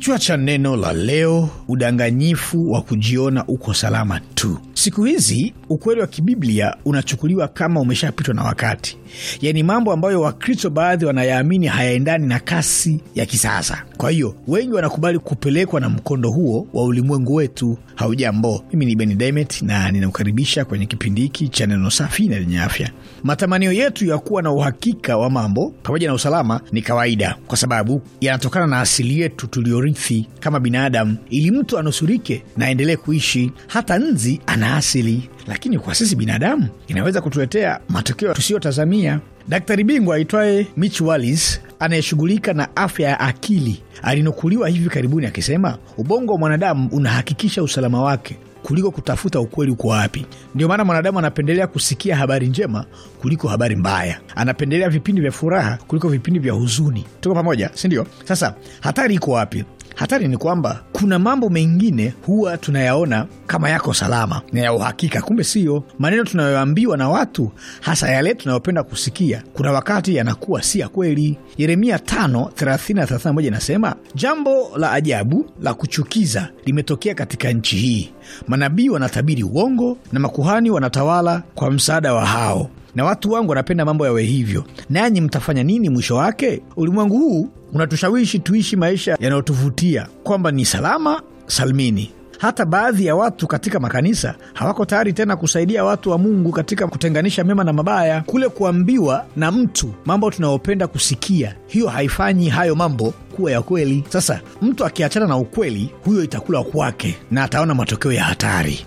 Kichwa cha neno la leo: udanganyifu wa kujiona uko salama tu. Siku hizi ukweli wa kibiblia unachukuliwa kama umeshapitwa na wakati, yaani mambo ambayo Wakristo baadhi wanayaamini hayaendani na kasi ya kisasa. Kwa hiyo wengi wanakubali kupelekwa na mkondo huo wa ulimwengu wetu. Haujambo, mimi ni Ben Dimet na ninakukaribisha kwenye kipindi hiki cha neno safi na lenye afya. Matamanio yetu ya kuwa na uhakika wa mambo pamoja na usalama ni kawaida, kwa sababu yanatokana na asili yetu tuliyorithi kama binadamu. Ili mtu anusurike na aendelee kuishi, hata nzi ana asili, lakini kwa sisi binadamu inaweza kutuletea matokeo tusiyotazamia. Daktari bingwa aitwaye Mitch Wallis anayeshughulika na afya ya akili alinukuliwa hivi karibuni akisema ubongo wa mwanadamu unahakikisha usalama wake kuliko kutafuta ukweli uko wapi. Ndio maana mwanadamu anapendelea kusikia habari njema kuliko habari mbaya, anapendelea vipindi vya furaha kuliko vipindi vya huzuni. Tuko pamoja, si ndio? Sasa hatari iko wapi? hatari ni kwamba kuna mambo mengine huwa tunayaona kama yako salama na ya uhakika, kumbe siyo Maneno tunayoambiwa na watu, hasa yale tunayopenda kusikia, kuna wakati yanakuwa si ya kweli. Yeremia 5:30-31 inasema, jambo la ajabu la kuchukiza limetokea katika nchi hii, manabii wanatabiri uongo na makuhani wanatawala kwa msaada wa hao na watu wangu wanapenda mambo yawe hivyo, nanyi mtafanya nini mwisho wake? Ulimwengu huu unatushawishi tuishi maisha yanayotuvutia kwamba ni salama salmini. Hata baadhi ya watu katika makanisa hawako tayari tena kusaidia watu wa Mungu katika kutenganisha mema na mabaya. Kule kuambiwa na mtu mambo tunayopenda kusikia, hiyo haifanyi hayo mambo kuwa ya kweli. Sasa mtu akiachana na ukweli, huyo itakula kwake na ataona matokeo ya hatari